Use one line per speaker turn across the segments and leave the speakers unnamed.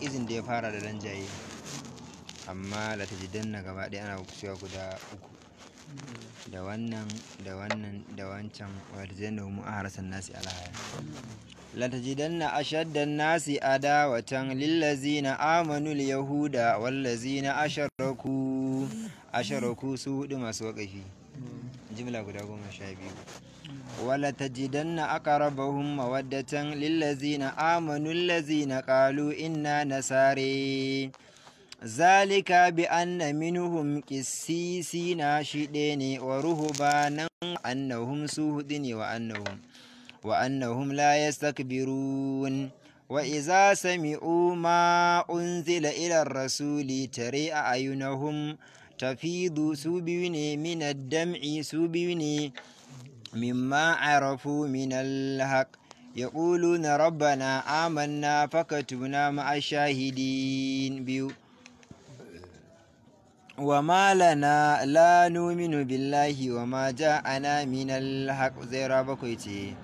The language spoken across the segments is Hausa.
izin da ya fara da dan jaye amma da ta danna gaba ɗaya ana cewa guda uku da wannan da wannan da wancan wadda zai da mu harsan nasi alhaya latajidanna ashaddan nasi adawatan lillazina amanu yahuda wallazina asharaku asharaku su hudu masu waƙafi jimla guda goma sha biyu ولتجدن أقربهم مودة للذين آمنوا الذين قالوا إنا نساري ذلك بأن منهم قسيسين شدين ورهبانا أنهم سهدين وأنهم وأنهم لا يستكبرون وإذا سمعوا ما أنزل إلى الرسول ترى أعينهم تفيض سبين من الدمع سبين مما عرفوا من الحق يقولون ربنا آمنا فكتبنا مع الشاهدين بيو وما لنا لا نؤمن بالله وما جاءنا من الحق زي رابكويتي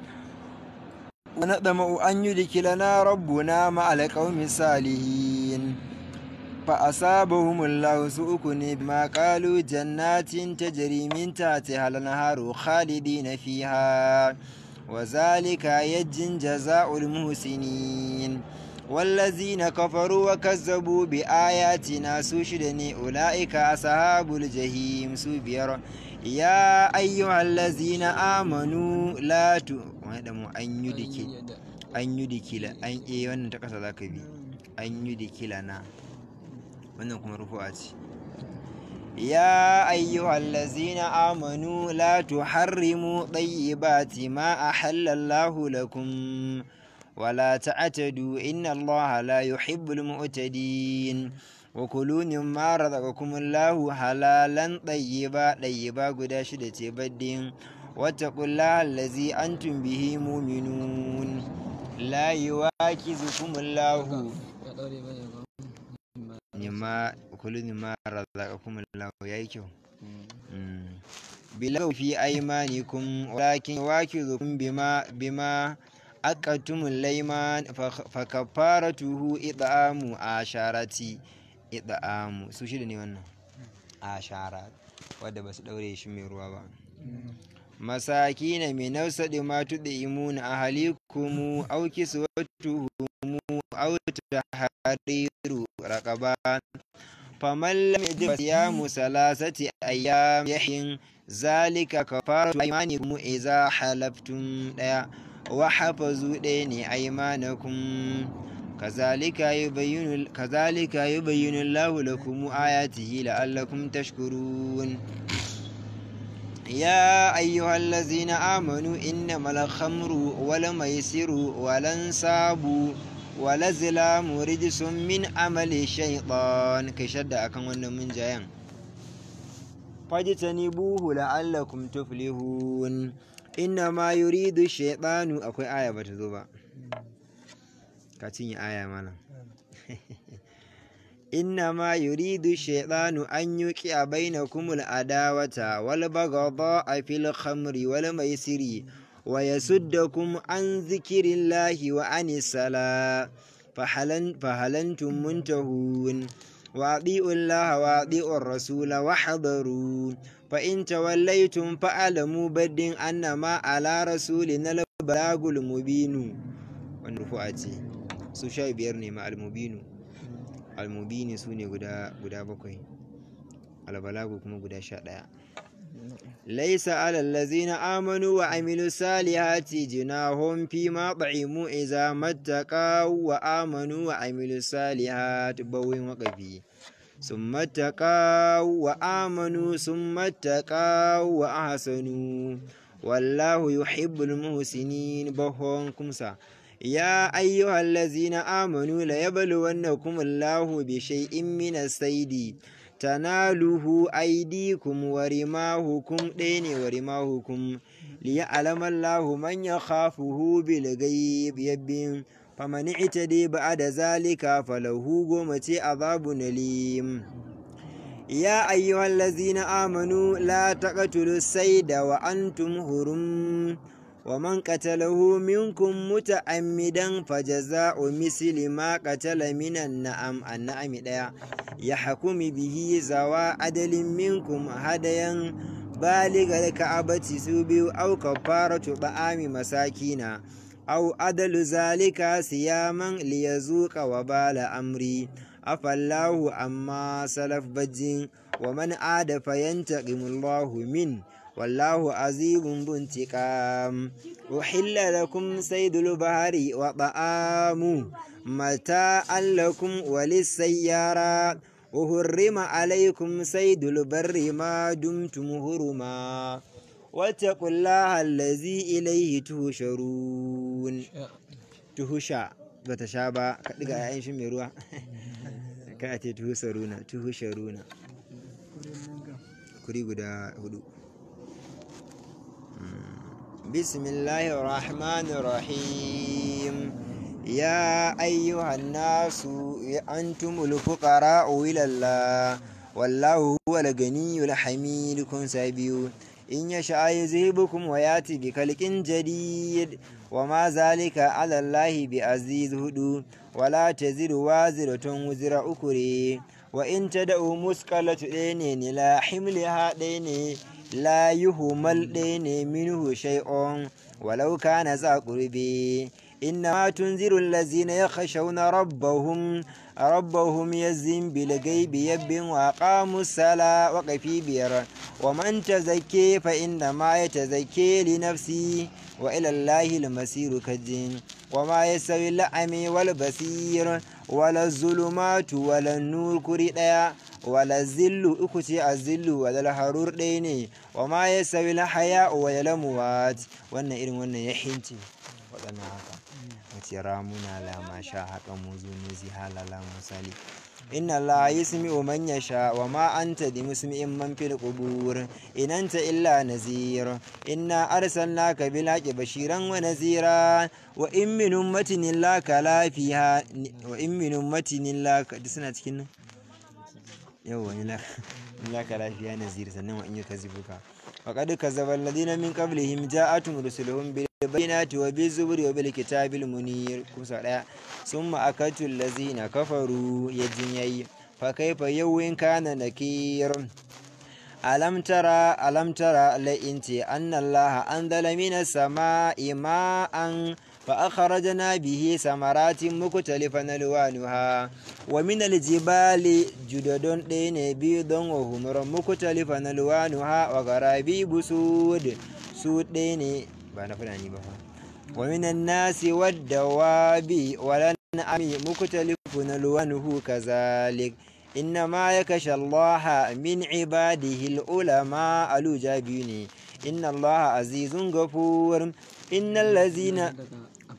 ونطمع أن يدخلنا ربنا مع القوم الصالحين fa asabahum Allah su uku ne bi ma jannatin tajri min ta ta hal naharu khalidin fiha wa zalika yajin jazaa'ul muhsinin wal ladzina kafaru wa kazzabu bi ayatina su shidani ulai ka ashabul jahim su biyar ya ayyuha alladhina amanu la tu madamu anyu dikila anyu an e wannan ta kasa zakabi anyu kuma مرفوعات يا أيها الذين آمنوا لا la tuharrimu tayyibati ma ahallallahu lakum ولا تعتدوا إن الله لا يحب المعتدين وكلوا مما رزقكم الله حلالا طيبا طيبا قد شدت بدين واتقوا الله الذي أنتم به مؤمنون لا يواكزكم الله kullu mimma razaqakumullahu yayi kyau bilaw fi aymanikum walakin bima bima aqatumul laiman fa kafaratuhu id'amu asharati id'amu su shida ne wannan ashara wadda basu daure shi mai ruwa ba masakina min nawsadi ma tud'imuna ahlikum أو تحرير رقبان فمن لم يجب صيام ثلاثة أيام يحين ذلك كفارة أيمانكم إذا حلفتم نعم. وحفظوا دين أيمانكم كذلك يبين كذلك يبين الله لكم آياته لعلكم تشكرون يا أيها الذين آمنوا إنما الخمر والميسر والأنصاب walazlamu sun min amali shaytan kai shadda akan wannan munjayan fajtanibuhu la'allakum tuflihun inna ma yuridu shaytanu akwai aya ta zo ba ka cinye aya mana inna ma yuridu shaytanu an yuqi bainakumul adawata wal baghdha fil khamri wal maisiri ويسدكم عن ذكر الله وعن الصلاة فهلنتم منتهون وأطيعوا الله وأطيعوا الرسول واحذروا فإن توليتم فاعلموا بد أنما على رسولنا البلاغ المبين ونرفعتي su sha biyar ne المبين almubinu almubini غدا ne guda bakwai غدا شاء ليس على الذين آمنوا وعملوا الصالحات جناهم فيما طعموا إذا ما اتقوا وآمنوا وعملوا الصالحات بوين وقفي ثم اتقوا وآمنوا ثم اتقوا وأحسنوا والله يحب المحسنين بهون كمسا يا أيها الذين آمنوا ليبلونكم الله بشيء من السيد tanaluhu aidikum wa rimahukum ɗaya ne wa rimahukum liya alamallahu man ya khafuhu bil ghaib yabbin faman itadi ba'da zalika falahu goma ce azabun alim يا أيها الذين tulu, sai da wa وأنتم hurum. ومن قتله منكم متعمدا فجزاء مثل ما قتل من النعم النعم ديا يحكم به زوا عدل منكم هديا بالغ الكعبة سوبي أو كفارة طعام مساكين أو عدل ذلك صياما ليزوق وبال أمري أفالله أما سلف بجين ومن عاد فينتقم الله منه والله عزيز ذو انتقام أحل لكم سيد البحر وطعام متاعا لكم وللسيارة وهرم عليكم سيد البر ما دمتم هرما واتقوا الله الذي إليه تهشرون تهشا بتشابا كدغا عين شميروا مي تهشرون تهشرون ce دا هدو بسم الله الرحمن الرحيم يا أيها الناس أنتم الفقراء إلى الله والله هو الغني الحميد كن سبيو إن يشاء يذهبكم ويأتي بخلق جديد وما ذلك على الله بعزيز هدو ولا تزر وازرة وزر أكري وإن تدعو مسكلة دينين لا حملها ديني la malɗe ɗaya ne minuhu shai'on walau na za qurbi إنما تنذر الذين يخشون ربهم ربهم يزن بالغيب يب وأقاموا الصلاة وقفي بير ومن تزكي فإنما يتزكي لنفسه وإلى الله المسير كالدين وما يستوي الأعمي والبصير ولا الظلمات ولا النور كريئا ولا الزل أكتي الزل ولا الحرور ديني وما يستوي الحياء ولا الموات وأن إرم وأن يحنتي وأن هكذا matsira muna lama sha haka mu zo mu zi halala mu inna allah yi sumi manya sha wa ma an ta di musu in man fi da kubur illa nazir inna arsan na ka bi laƙi bashiran wa nazira wa in min ummatin wa in min ummatin la ka di suna cikin lafiya nazir sannan wa in yi ka zibuka wa kadu ka zaba ladina min kabilihim ja'atun rusulhum bil bayyanatu wa bizuburi wa bil kitabil munir kusa daya summa akatul ladzina kafaru yajinyai fa kayfa yawin kana nakir alam tara alam tara la inti anna allaha anzala minas samai ma'an fa akhrajna bihi samaratin mukhtalifan alwanuha wa min aljibali judadon dai ne biyu don wahumar mukhtalifan alwanuha wa garabi busud su dai ne ومن الناس والدواب والأنعام مختلف ألوانه كذلك إنما يخشى الله من عباده العلماء الجابين إن الله عزيز غفور إن الذين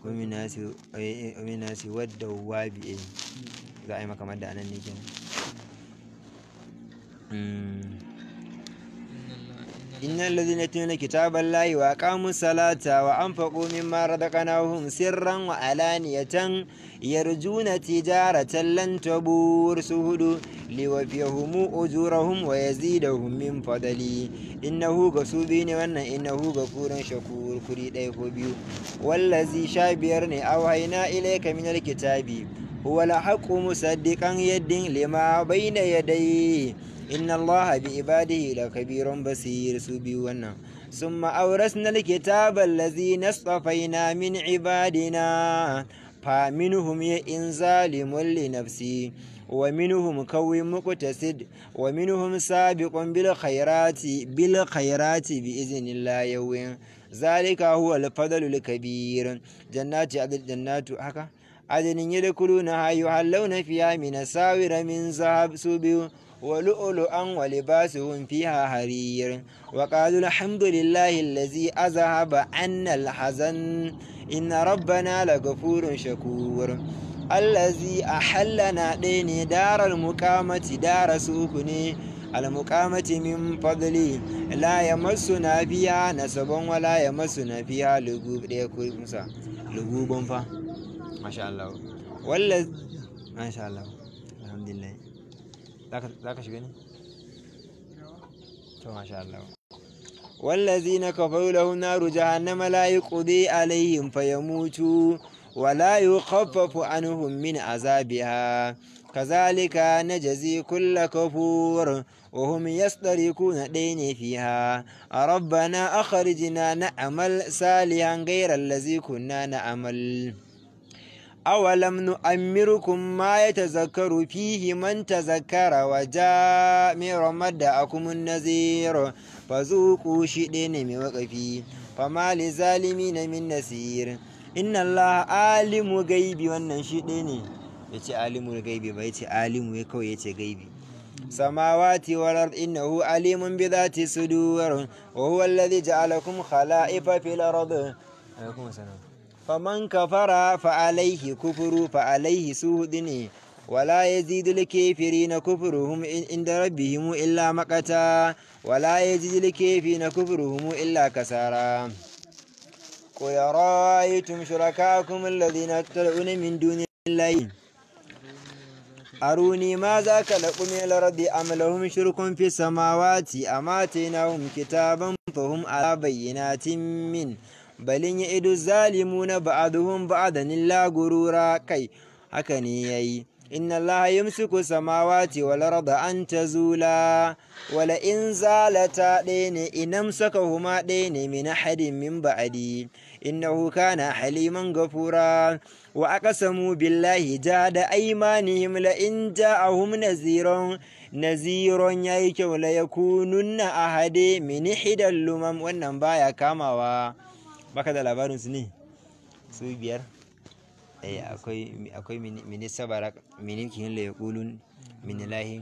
ومن الناس ومن الناس والدواب yi maka madda nan ne إن الذين يتلون كتاب الله وأقاموا الصلاة وأنفقوا مما رزقناهم سرا وعلانية يرجون تجارة لن تبور سهد ليوفيهم أجورهم ويزيدهم من فضلي إنه غسوبين وأن إنه غفور شكور كريد بيو والذي شابيرني أوهينا إليك من الكتاب هو الحق مصدقا يد لما بين يديه إن الله بعباده لخبير بصير سبيونا ثم أورثنا الكتاب الذي نصفينا من عبادنا فمنهم إن ظالم لنفسه ومنهم كوي مقتصد ومنهم سابق بالخيرات بالخيرات بإذن الله يوين ذلك هو الفضل الكبير جنات عدل جنات هكا عدن يدخلونها يحلون فيها من ساور من ذهب سبيو ولؤلؤا ولباسهم فيها حرير وقالوا الحمد لله الذي أذهب عنا الحزن إن ربنا لغفور شكور الذي أحلنا دين دار المقامة دار سكن المقامة من فضله لا يمسنا فيها نسب ولا يمسنا فيها لغوب لغوب فا ما شاء الله والذي ما شاء الله والذين كفروا لهم نار جهنم لا يقضي عليهم فيموتوا ولا يخفف عنهم من عذابها كذلك نجزي كل كفور وهم يستركون دين فيها ربنا أخرجنا نعمل صالحا غير الذي كنا نعمل awalam nu'ammirkum ma yatazakkaru fihi man tazakkara wa ja'a mi'ramada'akum an-nazir fazuqu shidene mai waqafi fama lizalimina min nasir inna allaha alimu gaibi wannan yace alimu gaibi ba yace alimu ya kawai yace gaibi samawati wal ard innahu alimun bi dhati sudur wa huwa alladhi ja'alakum khala'ifa fil ard alaikum assalam فمن كفر فعليه كفر فعليه سوء دني ولا يزيد الكافرين كفرهم عند ربهم إلا مقتا ولا يزيد الكافرين كفرهم إلا كسارا قل رأيتم شركاكم الذين تدعون من دون الله أروني ماذا خلقوا من الأرض أم لهم شرك في السماوات أم آتيناهم كتابا فهم على بينات منه balin ya idu zalimu na ba'aduhun ba'adani lagurura kai haka ya yi inna Allah ya yi samawati wal rada an ta zula wala in ɗaya ne inam saka huma ɗaya ne min hadin min ba'adi innahu kana haliman gafura wa aqsamu billahi jada aymanihim la in ja'ahum naziron naziron yayi kyau la yakununna ahade min hidal lumam wannan baya kamawa baka da labarin su ne su biyar eh akwai akwai minista barak minikin la yaqulun mini lahi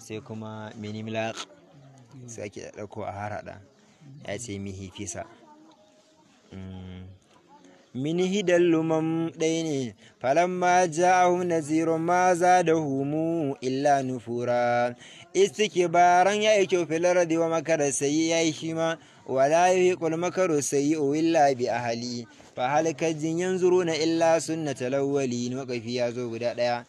sai kuma minimlaq sai ake dauko a harada ya ce mihi fisa من هدى اللمم ديني فلما جاءه نذير ما زادهم إلا نفورا استكبارا يأتوا في الأرض ومكر سيء هشما ولا يهيق المكر السيء إلا بأهلي فهلك ينظرون إلا سنة الأولين وكيف يزوج دادا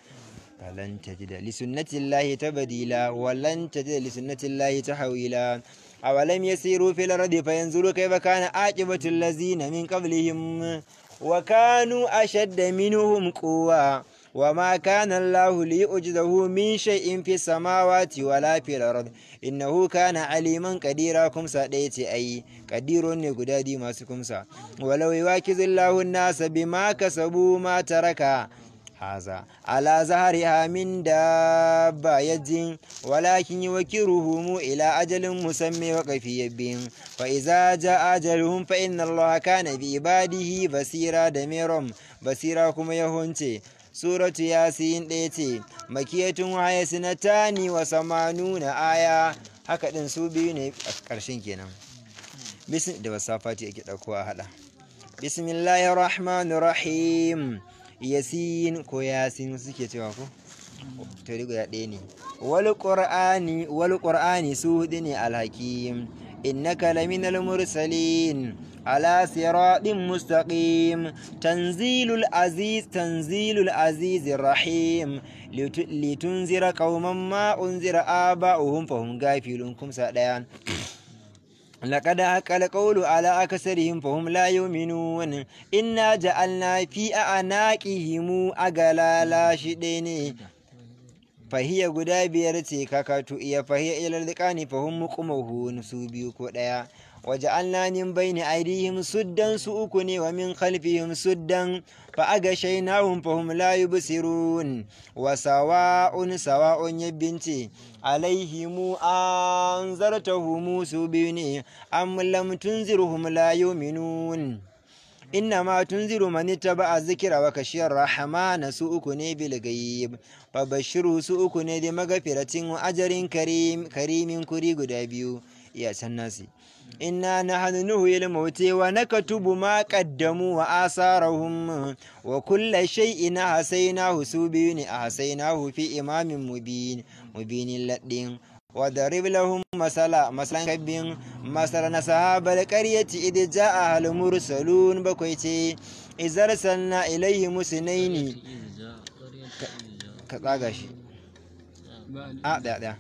فلن تجد لسنة الله تبديلا ولن تجد لسنة الله تحويلا awalam yasiru fil ardi fayanzuru kayfa kana aqibatu allazina min qablihim wa kanu ashadda minhum quwwa wa ma kana allahu liyujzahu min shay'in fis samawati wala fil ardi innahu kana aliman qadira kum sadaiti ay qadirun ne gudadi masu kumsa walau yuwakizillahu an-nasa bima kasabu ma taraka haza ala ya min dabbayatin walakin yuwakkiruhum ila ajalin musammi wa qafiyabbin fa idza jaa ajaluhum fa inna allaha kana bi ibadihi basira da miram basira kuma yahunce suratu yasin ɗaya ce makiyatun waya sinatani wa samanuna aya haka ɗin su biyu ne a ƙarshen kenan da wasafati ake ɗauko a haɗa bismillahir rahmanir rahim yasin ko yasin suke cewa ko to guda ɗaya ne wal qur'ani wal qur'ani su hudu ne alhakim innaka laminal mursalin ala siratin mustaqim tanzilul aziz tanzilul aziz rahim litunzira qauman ma unzira aba'uhum fahum gafilun kumsa ɗaya لقد أكل قول على أكثرهم فهم لا يؤمنون إنا جعلنا في أعناقهم أغلالا شدين fahiya guda biyar ce kakatu iya fahiya ilar dikani fahim muqmahun su biyu ko daya waje an lanin bayni aidihim suddan su uku ne wa min khalfihim suddan فأغشيناهم فهم لا يبصرون وسواء سواء يبنتي عليهم أنذرتهم سبيني أم لم تنذرهم لا يؤمنون إنما تنذر من اتبع الذكر وكشي الرحمن سوءكني بالغيب فبشروا سوءكني مغفرة وأجر كريم كريم كريم قدابيو iya sannansu inna na hannu yi limauti wa na ka tubu ma kaddamu wa asararun wa kulle shai ina hasai na husu biyu ne a hasai na hufi imamin mubinin laɗin wa da riblahun masala masalan kabin masala na sahabar ƙaryaci idan ja a halmur salun bakwai ce izar sanna ilaihi musulmai ka tsaga shi a ɗaya ah, ɗaya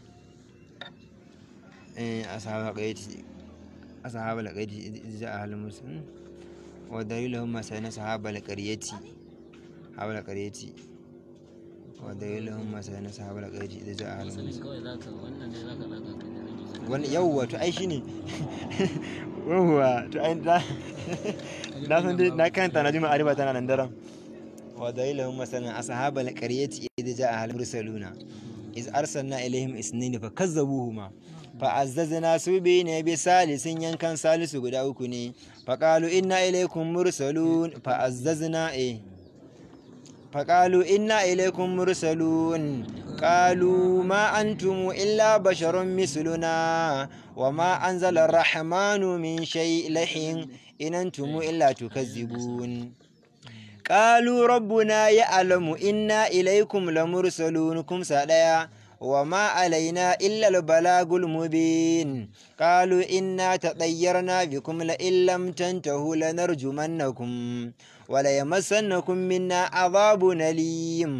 أصحاب القرية إذ أهل مسلم ودليلهم مثلا أصحاب القرية أصحاب القرية ودليلهم مثلا أصحاب القرية إذ أهل مسلم wani yawwa to ai shine yawwa to ai da na san dai na kanta na jima ariba tana nan daren wa dalilahum masalan ashabal qaryati idza ja'a iz arsalna ilaihim isnayn fa'azzazna su bi ne bi salisin yankan salisu guda uku ne faƙalu inna ilaikum mursalun fa'azzazna e faƙalu inna ilaikum mursalun قالوا ما أنتم إلا بشر مثلنا وما أنزل الرحمن من شيء لحين إن أنتم إلا تكذبون قالوا ربنا يعلم إنا إليكم لمرسلون كم سأليا وما علينا إلا البلاغ المبين قالوا إنا تطيرنا بكم لئن لم تنتهوا لنرجمنكم وليمسنكم منا عذاب أليم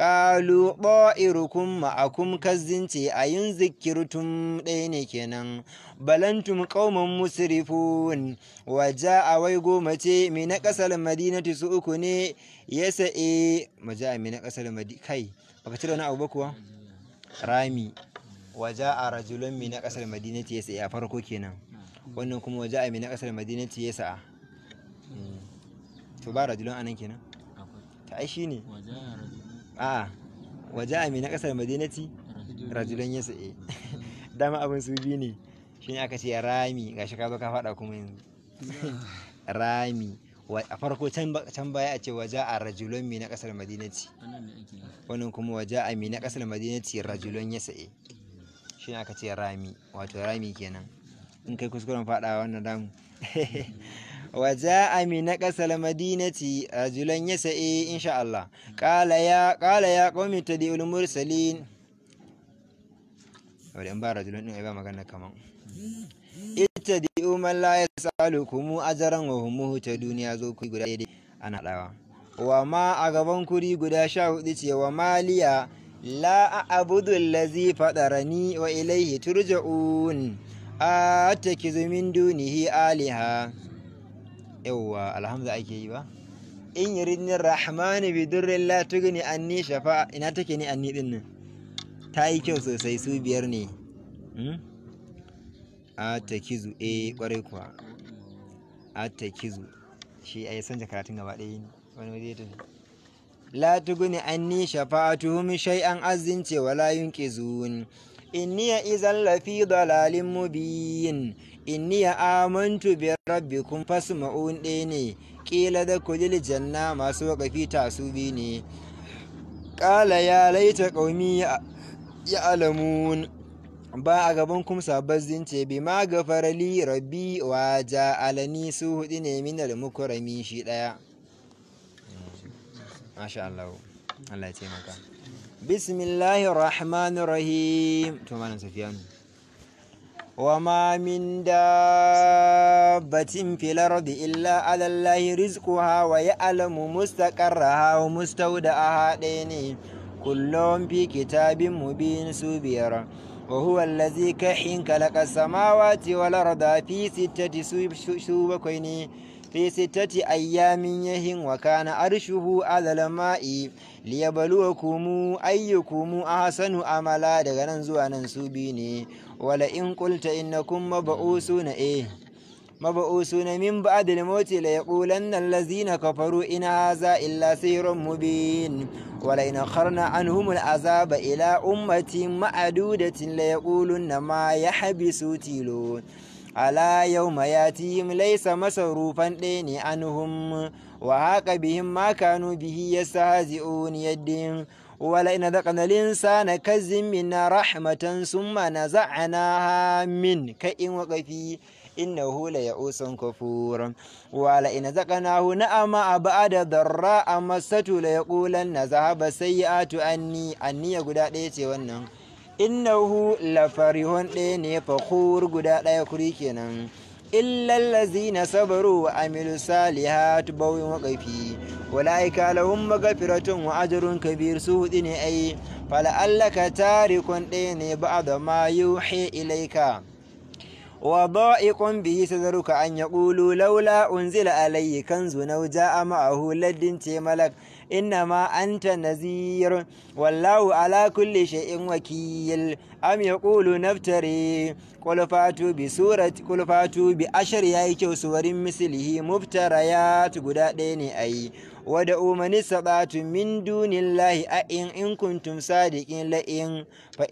قالوا طائركم معكم كزنتي أين ذكرتم دينكنا بل أنتم قوم مسرفون وجاء ويقومتي من أقصى المدينة سؤكني يسئي مجاء من أقصى المدينة كي فقتلنا أبو بكوة rami waja a rajulun min na kasar madinati ya sa'a farko kenan wannan kuma waja a min na kasar madinati ya sa'a hmm. to ba rajulun anan kenan ta ai shine a waja a min na kasar madinati rajulun ya sa'a dama abin su biyu ne shi ne aka ce rami gashi ka zo ka faɗa kuma yanzu rami a farko can baya a ce waje a rajulon mi na kasar madinati wani kuma waje a mi na kasar madinati rajulon ya sa'e shi aka ce rami wato rami kenan in kai kuskuren fada wannan damu waje a mi na kasar madinati rajulon ya sa'e insha Allah kala ya kala ya qaumi mursalin wadda in ba rajulon din ba magana kaman tabtadi'u man la yas'alukum ajran wa hum muhtadun duniya zo ku guda daidai ana dawa wa ma a gaban kuri guda sha hudu ce wa maliya la a'budu allazi fadarani wa ilaihi turja'un atakizu min dunihi aliha yawwa alhamdu ake yi ba in yuridni rahmanu bi durrin la tugni anni shafa'a ina take ni anni din nan ta yi kyau sosai su biyar ne hmm? atakizu takizu eh kwarai kuwa atakizu shi ai san karatun gaba ɗaya ne wani waje ta la tuguni anni shafa'atuhum shay'an azin wala yunqizun inniya izan lafi dalalin mubiyin inniya amantu bi rabbikum fasma'un ɗaya ne da kulil janna masu waƙafi tasubi ne ƙala ya laita ƙaumi ya alamun ba a gaban kuma sabbin zince bi ma gafara li rabbi wa alani su hudu ne min minal mukurami shi daya masha Allah Allah ya taimaka bismillahir rahmanir rahim to malam safiyanu wa ma min dabbatin fil ardi illa ala allahi rizquha wa ya'lamu mustaqarraha wa mustawda'aha dayni kullum fi kitabin mubin su biyar وهو الذي كحين كلك السماوات والأرض في ستة سوبكين في ستة أيام يهن وكان أرشه على الماء ليبلوكم أيكم أحسن أملا دغنا زوانا سوبيني ولئن قلت إنكم مبعوثون إيه مبعوثون من بعد الموت ليقولن الذين كفروا إن هذا إلا سير مبين ولئن أخرنا عنهم العذاب إلى أمة معدودة ليقولن ما يحبس تيلون على يوم ياتيهم ليس مصروفا دين عنهم وهاك بهم ما كانوا به يستهزئون يدهم ولئن ذقنا الإنسان كز منا رحمة ثم نزعناها من كئ وقفي إنه ليئوس كفور ولئن ذقناه نعم بعد ضراء مسته ليقولن ذهب السيئات أني أني قد ليتي ونن إنه لفرح ديني فخور قد لا يكريكنا إلا الذين صبروا وعملوا الصالحات بوي وقفي أولئك لهم مغفرة وأجر كبير سوء أي فلعلك تارك ديني بعض ما يوحي إليك وضائق به صدرك أن يقولوا لولا أنزل علي كنز أو جاء معه لد ملك إنما أنت نذير والله على كل شيء وكيل أم يقول نفتري قل فاتوا بسورة قل فاتوا بأشر يا سور مثله مفتريات قدادين أي wada umani sabatu min dunillahi a in in kuntum sadiqin la in fa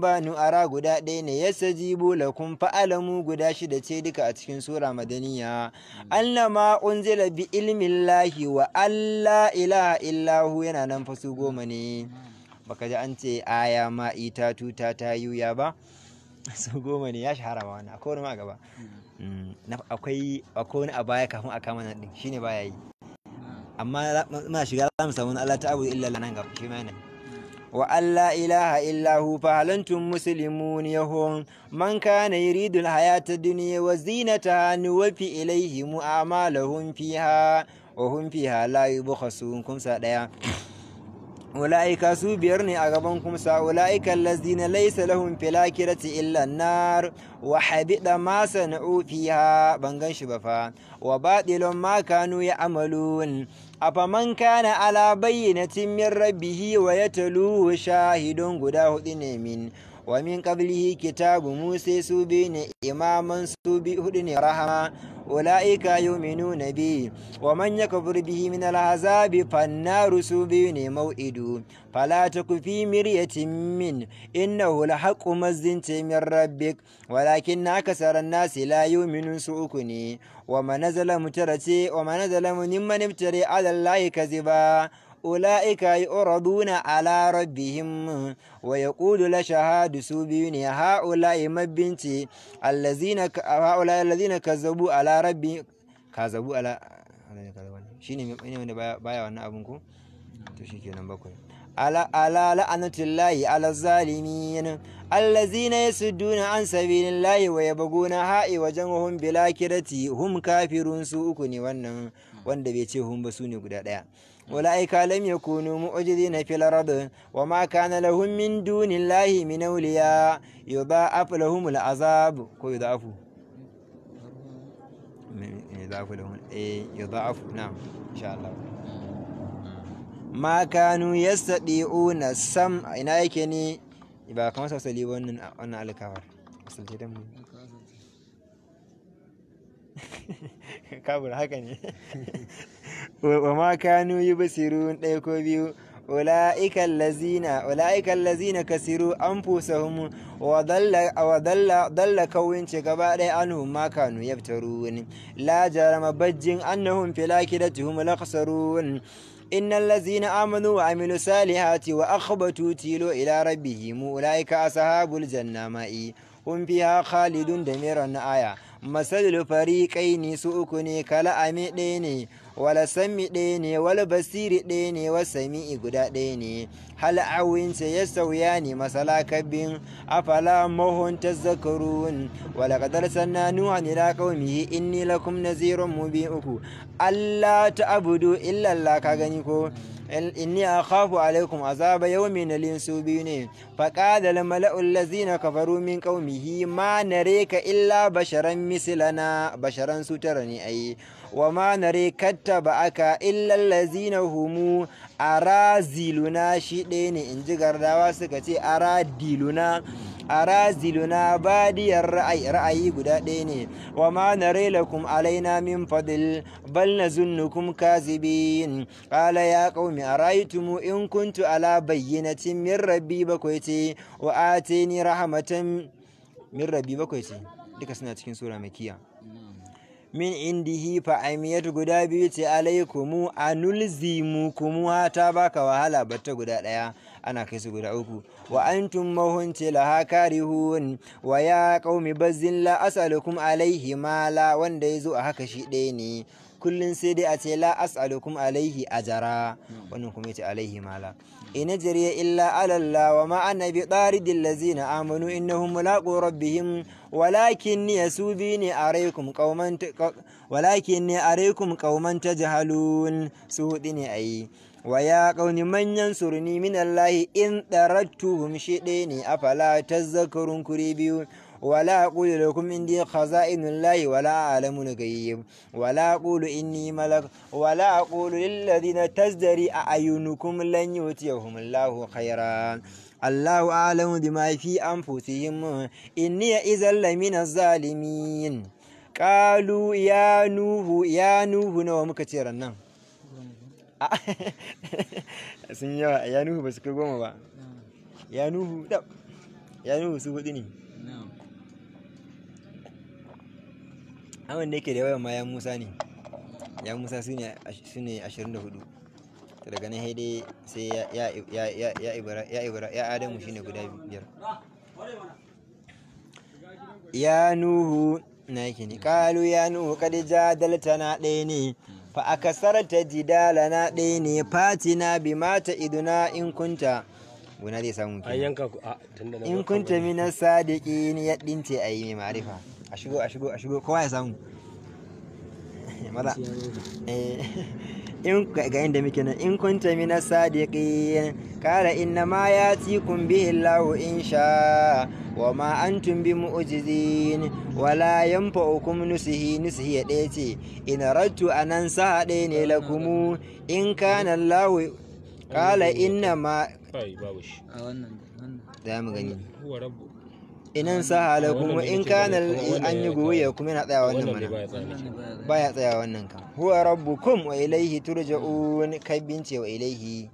ba nu ara guda ɗaya ne ya jibu la kun fa alamu guda shida ce duka a cikin sura madaniya annama unzila bi ilmillahi wa alla ilaha illahu yana nan fa su goma ne baka ji an ce aya ma ita tuta ta yuya ba su goma ne ya shahara ba wannan akwai wani a gaba hmm. Hmm, akwai wani a baya kafin a kama nan din shine baya yi amma muna shiga za mu samu na Allah ta'abu illa Allah nan gaba shi ma yana wa alla ilaha illa hu fa halantum muslimun yahun man kana yuridu alhayata dunya wa zinataha nuwaffi ilayhim a'malahum fiha wa hum fiha la yubkhasun kun sa daya ula'ika su biyar ne a gaban kumsa ula'ikan lazina laisa lahum filakirati illa nar wa habida ma sana'u fiha ban gan shi ba fa wa baɗilon ma kanu ya amalun afaman kana ala bayyanatin min rabbihi wa yataluhu shahidun guda hudu ne min wa min qablihi kitabu musa su bi ne imaman su bi hudu ne rahama ulaika yu'minuna bi wa man yakfur bihi min al'azabi fannaru su bi ne mau'idu fala taku fi miryatin min innahu alhaqqu mazinta min rabbik walakin akasara an-nasi la yu'minun su uku ne wa manazala mutarati wa manazala mimman ibtari ala allahi kaziba ula'ika yu'raduna ala rabbihim wa yaqulu la shahadu su biyu ne ha'ula'i mabinci allazina ha'ula'i allazina kazzabu ala rabbi kazzabu ala shine ne wanda baya wannan abun ko to shikenan bakwai ala ala la'anatullahi ala zalimin allazina yasudduna an sabilillahi wa yabghuna ha'i wajen hum bila kirati hum kafirun su uku ne wannan wanda bai ce hum ba su ne guda daya أولئك لم يكونوا معجزين في الأرض وما كان لهم من دون الله من أولياء يضاعف لهم العذاب يضاعف يضاعف لهم إيه، يضاعف نعم إن شاء الله ما كانوا يستطيعون السمع إن أيكني يبقى كما سأصلي ونن أنا على كفر أصلي دمه kabur haka ne wa ma kanu yi basiru ɗaya ko biyu ula'ikan lazina ula'ikan lazina kasiru an fusa humu wa dalla kawin ce gaba ɗaya an ma kanu ya fitaru wani la jarama annahun filaki da tuhumu laksaru إن الذين آمنوا وعملوا الصالحات وأخبتوا تيلوا إلى ربهم أولئك أصحاب الجنة مائي هم فيها خالدون دمير آيَةٌ masalul kai ne su uku ne kala ame ɗaya ne wala sami ɗaya ne wala basiri ɗaya ne wa sami'i guda ɗaya ne hal awinsa ya sauya ne masalakabin afala mahon tazzakarun wala kadar sanna nuha ne la kaumihi na lakum nazirun mubi uku Allah ta abudu illallah ka gani ko inni akhafu alaikum azaba yawmin lin su biyu ne faqala al mala'u allazina kafaru min qaumihi ma reka illa basharan mislana basharan sutara ne wa ma nare ba aka na humu araziluna shi ɗaya ne in ji gardawa suka ce aradiluna araziluna badiyar ra'ayi ra'ayi guda ɗaya ne wa ma nare lakum alaina min fadil bal na nazunnukum kazibin ƙala ya qaumi araytum in kuntu ala bayyinatin min rabbi bakwai ce wa atini rahamatan min rabbi bakwai ce duka suna cikin sura makiya min indihi fa aimiyatu guda biyu ce alaikumu a nulzimu kuma ta baka wahala batta guda ɗaya ana kai su guda uku wa antum mahunce laha karihun wa ya qaumi bazin la as'alukum alaihi mala wanda yazo a haka shi ɗaya ne kullum sai dai a ce la as'alukum alaihi ajara wannan kuma yace alaihi mala إن جري إلا على الله وما أنا بطارد الذين آمنوا إنهم ملاقو ربهم ولكني يسوبيني أريكم قوما ولكني أريكم قوما تجهلون سودني أي ويا قوم من ينصرني من الله إن طردتهم شئيني أفلا تذكرون كريبيون ولا أقول لكم عندي خزائن الله ولا أعلم الغيب ولا أقول إني ملك ولا أقول للذين تزدري أعينكم لن يؤتيهم الله خيرا الله أعلم بما في أنفسهم إني إذا لمن الظالمين قالوا يا نوح يا نوح نوم كثيرا نعم sun yawa ya nuhu ba su kai goma ba ya nuhu ya nuhu su hudu ne Awon da yake da yawan ma ya Musa ne. Ya Musa su ne 24. To daga nan dai sai ya ya ya Adamu shine guda biyar. Ya Nuhu na yake ne. Kalu ya Nuhu dalta na ɗaya ne. Fa akasarta na ɗaya ne. Fatina bi mata iduna in kunta. Guna zai samu kenan. In kunta ni sadiqin ya a yi mai ma'arifa. a shigo a shigo a shigo kowa ya samu maza eh, in ga inda muke nan in kunta mina sadiqi kala inna ma yatikum bihi Allahu in sha wa ma antum bi mu'jizin wala yanfa'ukum nusihi nusihi ya ɗaya ce in rattu anan sa ɗaya ne lakumu in kana Allahu
kala inna ma
babu shi a wannan da mu gani huwa rabbu inan saha kuma in kana an yi goyi kuma yana tsaya wannan mana baya tsaya wannan kan huwa rabbukum wa ilaihi turja'un kai bince wa ilaihi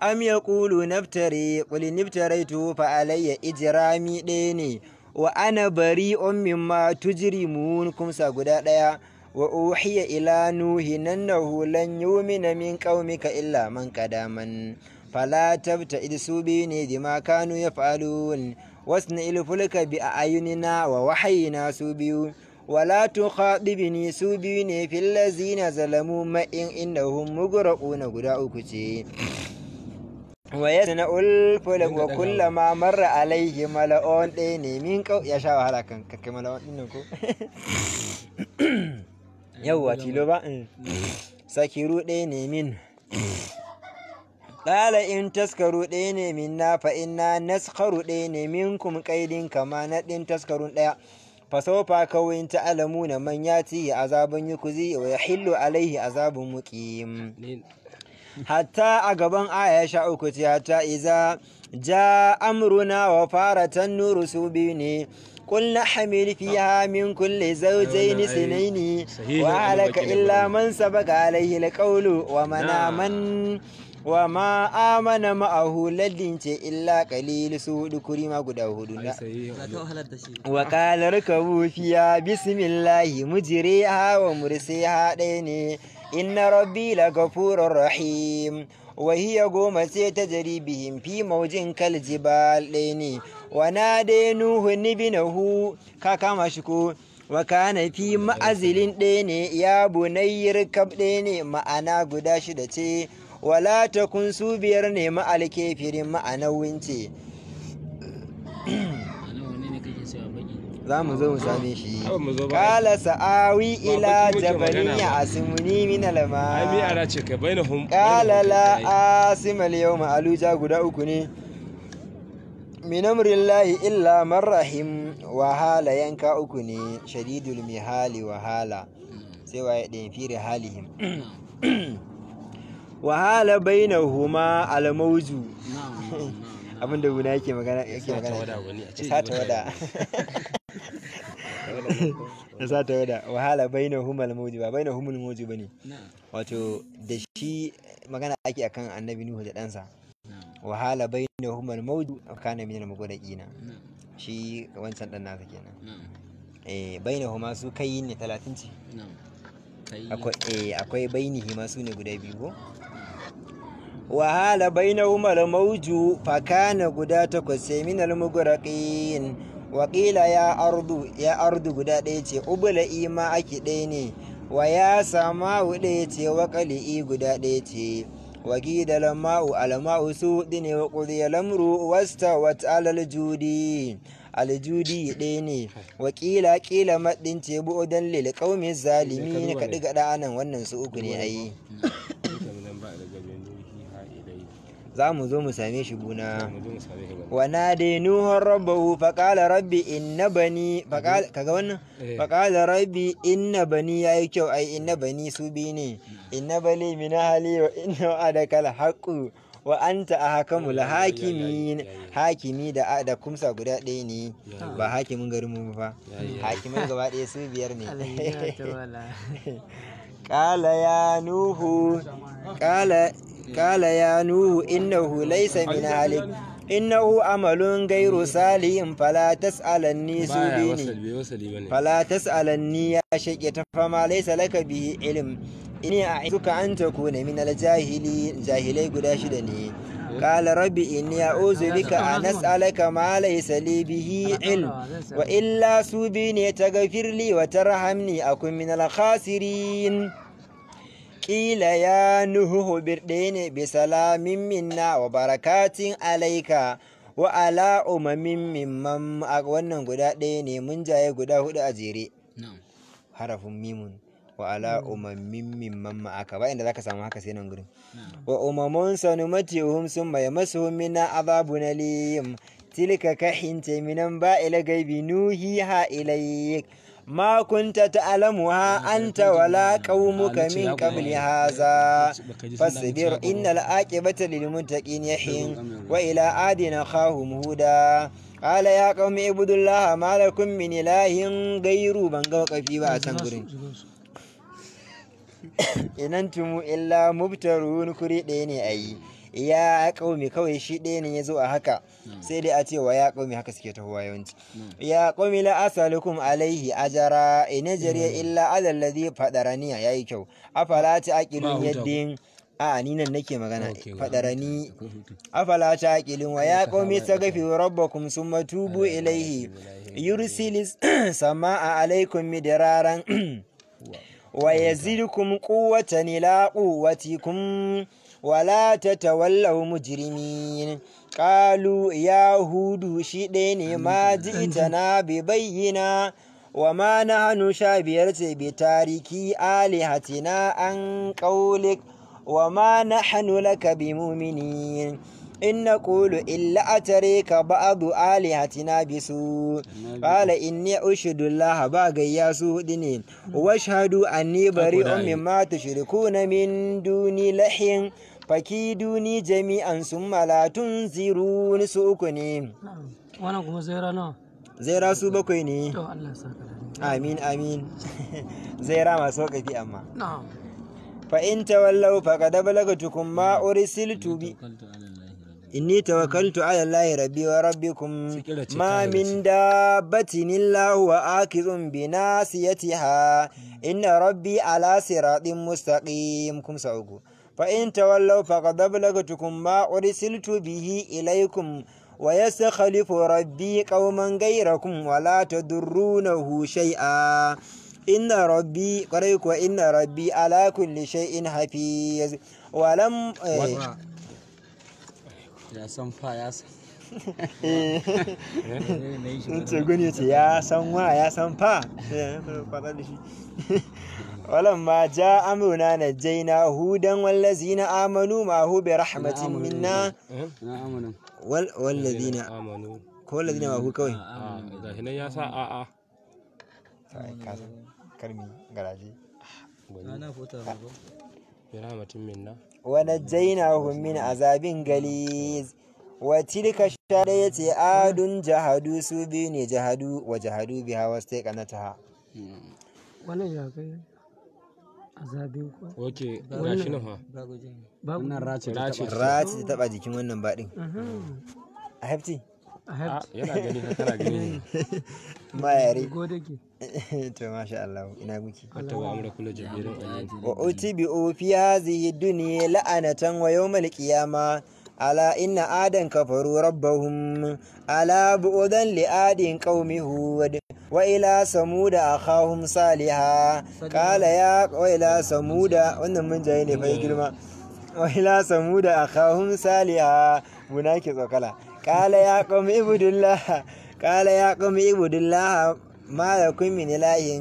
am yaqulu naftari qul naftaraitu fa alayya ijrami ɗaya ne wa ana bari bari'un mimma tujrimun kumsa guda ɗaya wa uhiya ila nuhi annahu lan yu'mina min qaumika illa man qadaman fala tabta idsubini dima ne kanu yaf'alun wasna ilfulka a ayunina wa wahayina su biyu wala tukhatibni su biyu ne fil lazina zalamu ma guda uku ce ويسنأ الفلك وكلما مر عليه ملعون ديني منك يا شاو هلا كان يوا تيلو با ساكيرو ديني Ƙala in taskaru ɗaya ne min na fa inna naskaru ɗaya ne minkum ƙaidin kama ɗin taskarun ɗaya. Fasofa kawai ta alamu na man ya ci azabin yi kuzi wa ya hillo alaihi azabin muƙim. Hatta a gaban aya sha uku ce hatta iza ja amruna wa fara tan nuru su biyu ne. قلنا حمل kulle من wa halaka illa man إلا alaihi سبق عليه wa ومن wa ma amana ma'ahu ladin ce illa kalil su hudu kurima guda hudu na wa kalar fiya bismillahi mujire ha wa murse ha ɗaya ne inna rabbi la gafurur rahim wa hiya goma ce ta jari bihim fi maujin kal jibal ɗaya ne wa na dai nuhu nibinahu ka kama shi ko wa kana fi ma'azilin ɗaya ne ya bunayyar kab ɗaya ne ma'ana guda shida ce wala ta kun su biyar ne ma'al firin ma'anawin ce za mu zo mu same shi kala sa'awi ila jabalin ya asimuni min alma kala la asimal yau ma'aluja guda uku ne min lahi illa marrahim wahala yanka uku ne shadidul mihali wahala sai wa ya ɗin firi halihim wahala bainahuma almawju abinda guna yake magana yake magana ta wada da ta wada wahala bai na humal moji ba bai na humul moji ba ne wato da shi magana ake akan annabi nuhu da ɗansa wahala bai na humal moji a kana minar magwada ƙina shi wancan ɗan nasa kenan eh, bai na huma su kai ne talatin ce Eh, akwai bainihi ma su ne guda biyu wahala bainahuma al fa kana guda takwas sai min al wakila ya ardu ya ardu guda ɗaya ce ubula ima aki daya ne wa ya sama'u ɗaya ce wa kali'i guda ɗaya ce wakida lama'u alama'u su dine wa ƙuriya lamru wasta wata alal judi aljudi ɗaya ne wakila kila maɗin ce odan lil qaumi zalimi ne ka diga anan wannan su uku ne ayi za mu zo mu same shi buna wa da nuhun rabbahu faƙala rabbi inna bani kaga wannan eh. faƙala rabbi inna bani ya yi kyau ai inna bani su bi ne mm. inna bali min hali wa inna wa'adaka alhaqu wa anta a hakamul hakimin hakimi da kumsa guda ɗaya ne ba hakimin garin mu ba hakimin gaba ɗaya su biyar ne kala ya nuhu kala kala ya nuhu innahu laysa min halik innahu amalun gairu salihin fala su bi ne fala tas'alanni ya shaƙe ta fama laisa laka bihi ilm ini a suka an ne min aljahili jahilai guda shida ne kala a uzulika a nas'alaka ma laysa li bihi il wa illa su bi ne ta gafirli wa tarhamni a kun min alkhasirin kila ya nuhu birɗe ne bi salamin minna wa barakatin alaika wa ala umamin mimman guda ɗaya ne mun jaye guda hudu a jere wa ala hmm. umammin mimman ma'aka ba inda zaka samu haka sai nan gurin wa umamun sanumatuhum summa yamassuhum minna azabun alim tilka kahin minan ba ila gaibi ha ilayk ma kunta ta'lamuha anta wala qaumuka min qabli hadha fasbir innal aqibata lil muttaqin yahin wa ila adina khahum huda قال يا قوم اعبدوا الله ما لكم من إله غيره بان قفي san gurin. inan tumu illa mubtarun kuri ɗaya ne a yi ya kaumi kawai shi ɗaya ne ya zo a haka hmm. sai dai a cewa ya kaumi haka suke huwa yawanci hmm. ya kaumi la asalukum alaihi ajara ina jariya hmm. illa alal ladhi fadaraniya yayi kyau afala ta aqilun yaddin a ni nan nake magana fadarani afala ta aqilun wa ya kaumi sagafi rabbakum summa tubu ilaihi yursilis samaa alaikum midararan wa ya zili kum kuwata ne la'uwati ta tawalla mu jirimi kalu ya hudu shi ɗaya ne ma ji ita na bi bayyana wa ma na hannu sha biyar ce bi tariki ali hati an kawulik wa ma na hannu laka bi mumini inna نقول إلا أتريك بعض آلهتنا بسوء قال إني أشهد الله باقي ياسو ديني واشهدوا أني بريء مما تشركون من دون لحين fakiduni jami'an sun malatun ziruni su uku ne zaira su bakwai ne amin amin zaira masu wakafi amma fa in tawallau fa qad balagatukum ma ursiltu bi inni tawakkaltu ala allahi rabbi wa rabbikum ma min dabbatin illa huwa akizun bi nasiyatiha inna rabbi ala siratin mustaqim kum sa'ugu fa in tawallaw faqad ablagtukum ma ursiltu bihi ilaykum wa yastakhlifu rabbi qauman ghayrakum wa la tadurrunahu shay'a inna rabbi qarai kuwa inna rabbi ala kulli shay'in hafiz walam eh, ya fa ya san eh, ce gun ce ya san wa ya san fa walam ma ja amuna na jaina hudan wallazi na amanu ma hu bi rahmatin minna bira mutum minna a zabin azabin galiz wa tilka ya ce adun jahadu su biyu ne jahadu wa jahadu bi hawa su taika na wani ya shi nufa jikin wannan baɗin a hafti Ah, yana gani ka kana to masha Allah ina guki wa jabirin wa utibi la'anatan wa ala inna adan kafaru rabbahum ala bu'udan li adin qaumi hud wa ila samuda akhahum saliha qala ya wa ila samuda wannan mun jaye ne fa girma eh. wa ila samuda akhahum saliha munake tsokala kala ya kama ibudin laha kala ya kama ibudin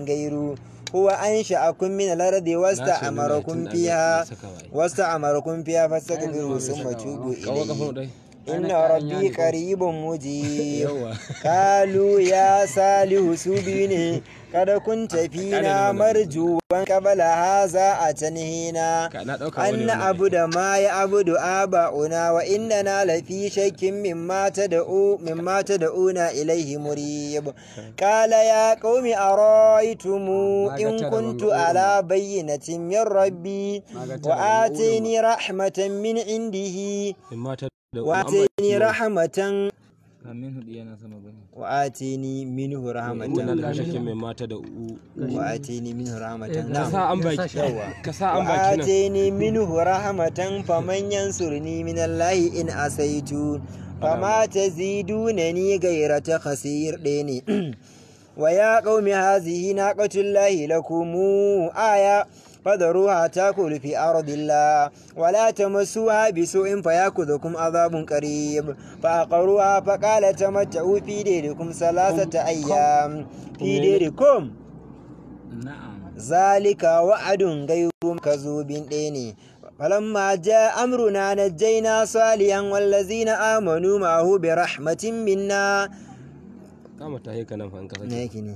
gairu ko an sha a kumi na larade wasta a marakun fiya fasaka biyu sun macugo ilayi inna rabbi qaribun mujib kalu ya salihu subini kada kun ah, tafi na wani. kabala haza a an na abu da ma ya abu du'a ba'una wa inna na lafi shakin min mata da una ilaihi murib kala ya raitu mu. Ah, in kuntu ala bayyinatin min rabbi wa ni rahmatan min indihi wa'atini rahmatan wa'atini minhu rahmatan wa'atini minhu rahmatan rahmatan eh, wa'atini minhu rahmatan wa'atini minhu rahmatan wa'atini minhu rahmatan wa'atini minhu rahmatan wa'atini minhu rahmatan faman yansurni minallahi in asaitu fama tazidunani gaira ta khasir dini wa ya lakumu فذروها تاكل في أرض الله ولا تمسوها بسوء فيأخذكم عذاب قريب فأقروها فقال تمتعوا في ديركم ثلاثة أيام في ديركم نعم ذلك وعد غير كذوب ديني فلما جاء أمرنا نجينا صاليا والذين آمنوا معه برحمة منا. كما تهيك نفهم كذا.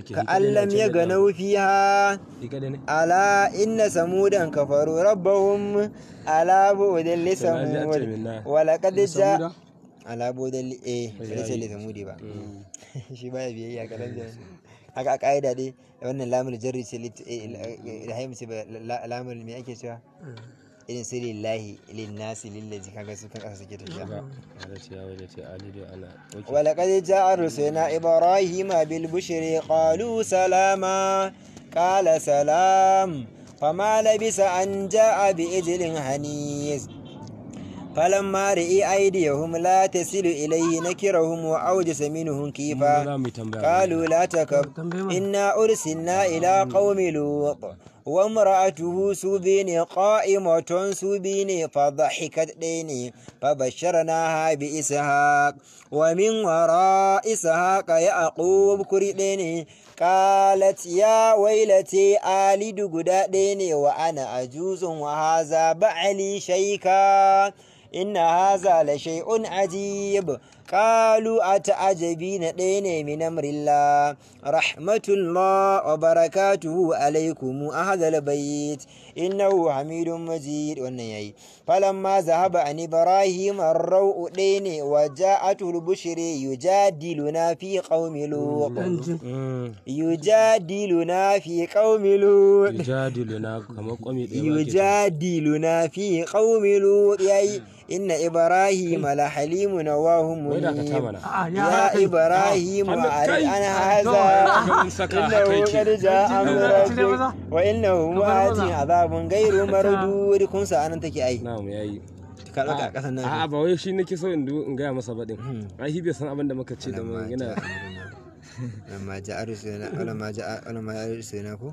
كأن يغنوا فيها ألا إن سمودا كفروا ربهم ألا بعدا لثمود ولقد جاء ألا إيه ليس لسمود با شي باي بيي كلام haka a ƙa'ida dai wannan lamar jarri سليت da haimci ba lamar me ake irin su lillahi linnasi lillazi kaga su kan suke tafiya walaqad ja'a rusuluna ibrahima bil bushri qalu salama qala salam fama labisa an ja'a bi ijlin hanis falamma ra'i aydiyahum la tasilu ilayhi nakirahum wa awjasa minhum kifa qalu la takab inna ursilna ila qaumi lut wa imra'atuhu subini qa'imatun subini fa dhahikat dayni fa basharnaha bi ishaq wa min wara ishaq yaqub kuri dayni قالت يا ويلتي آلد قدادين وأنا أجوز وهذا بعلي شيكا inna haza la shay'un ajib qalu ata'ajabina ɗaya ne min amrillah rahmatullah wa barakatuhu alaikum ahadal bayt innahu hamidun majid wannan yayi falamma zahaba an ibrahim ar-rau'u ɗaya ne wa ja'atul bushri yujadiluna fi qaumi lut mm. yujadiluna fi qaumi lut yujadiluna kamar qaumi yujadiluna fi qaumi lut yayi inna ibrahim la halimu nawahu يا ah, ya ibrahim ari an إنه قد جاء أمرك وإنه wa عذاب غير مردود ghairu mardud kun sa anan take a ah, a'a ba wai shi nake so in gaya masa ba din hmm. ai san abin da muka ce da yana lamma ja'a rusuluna lamma ja'a lamma ja'a rusuluna ko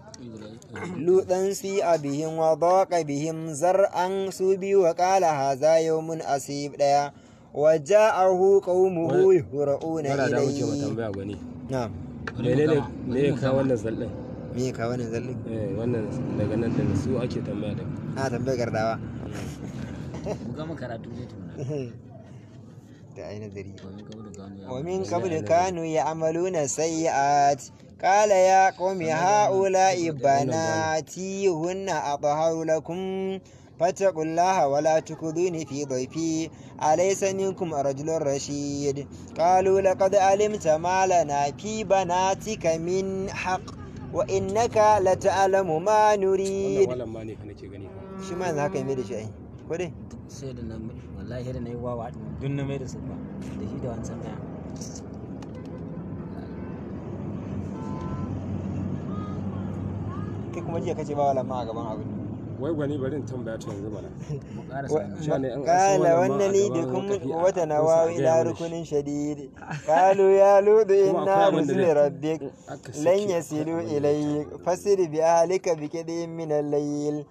ludan si abihim wa daqa bihim zar'an subi wa qala hadha yawmun asib daya wa ja'ahu qaumuhu yuhra'una ilayhi tambaya na'am menene me ka wannan me ka wannan eh wannan daga nan da su ake tambaya da a ah, tambayar gardawa buga karatu ne ta'ayin zari wa min qablu kanu ya'maluna sayyi'at qala ya qawmi haula ibanati hunna atharu lakum fattaqu allaha wa la tukhuduni fi dhayfi alaysa minkum rajulun rashid qalu laqad alimta ma lana fi banatika min haqq wa innaka lata'lamu ma nurid wannan malamin ne kana ce gani shi ma yanzu bare sai da nan wallahi da wawa dun na mai da sabba da shi da wancan ɗaya kai kuma jiya kace ba a gaban abin wai gwani bari in tambaya ta yanzu mana kala wannan ni da kun wata nawawi ila rukunin shadid kalu ya ludu inna rabbik lan yasilu ilayk fasir bi ahlika bi min al-layl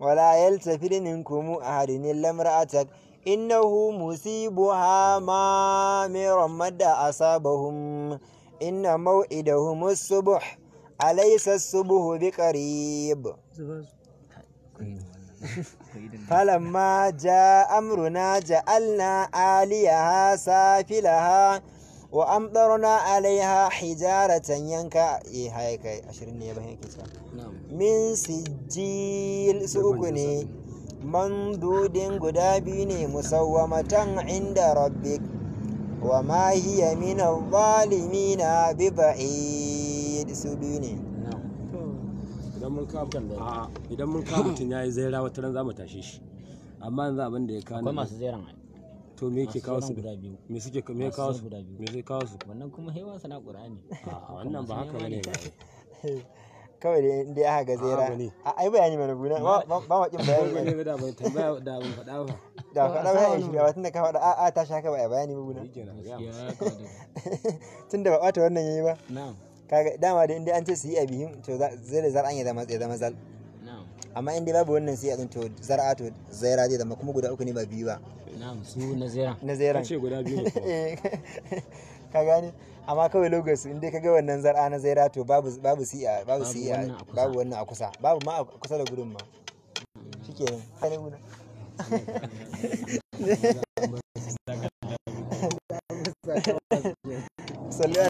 ولا يلتفت منكم أحد إلا امرأتك إنه مصيبها ما مد أصابهم إن موئدهم الصبح أليس الصبح بقريب فلما جاء أمرنا جعلنا عاليها سافلها wa amdarna alaiha hijaratan yanka e haye kai 20 ne ban yake cewa min sijil su uku ne mandudin guda biyu ne musawwamatan inda rabbik wa ma hiya min adh-dhalimina bi ba'id su biyu ne idan mun kawo idan mun kawo mutun yayi zaira wata ran za mu tashe shi amma yanzu abin da ya kawo akwai masu zairan ai to me yake kawo su guda biyu me suke me kawo su guda biyu me zai kawo su wannan kuma hewan sana qur'ani a wannan ba haka bane kawai dai in dai aka ga zera a ai bayani mana guna ba ma kin bayani ne da ban tambaya da ban faɗa ba da faɗa ba shi ba tunda ka faɗa a a ta shaka ba bayani ba guna tunda ba wata wannan yayi ba na'am kaga dama dai in dai an ce su yi abihim to zai zai zar an ya zama zai zama zal amma inda babu wannan sai a zanto zar'a to zaira zai zama kuma guda uku ne ba biyu ba na'am su na zaira na zaira ce guda biyu ne ka gane amma kawai logos in dai kaga wannan zar'a na zaira to babu babu si babu si babu wannan a kusa babu ma a kusa da gurin ma shikenan kai ne guda salli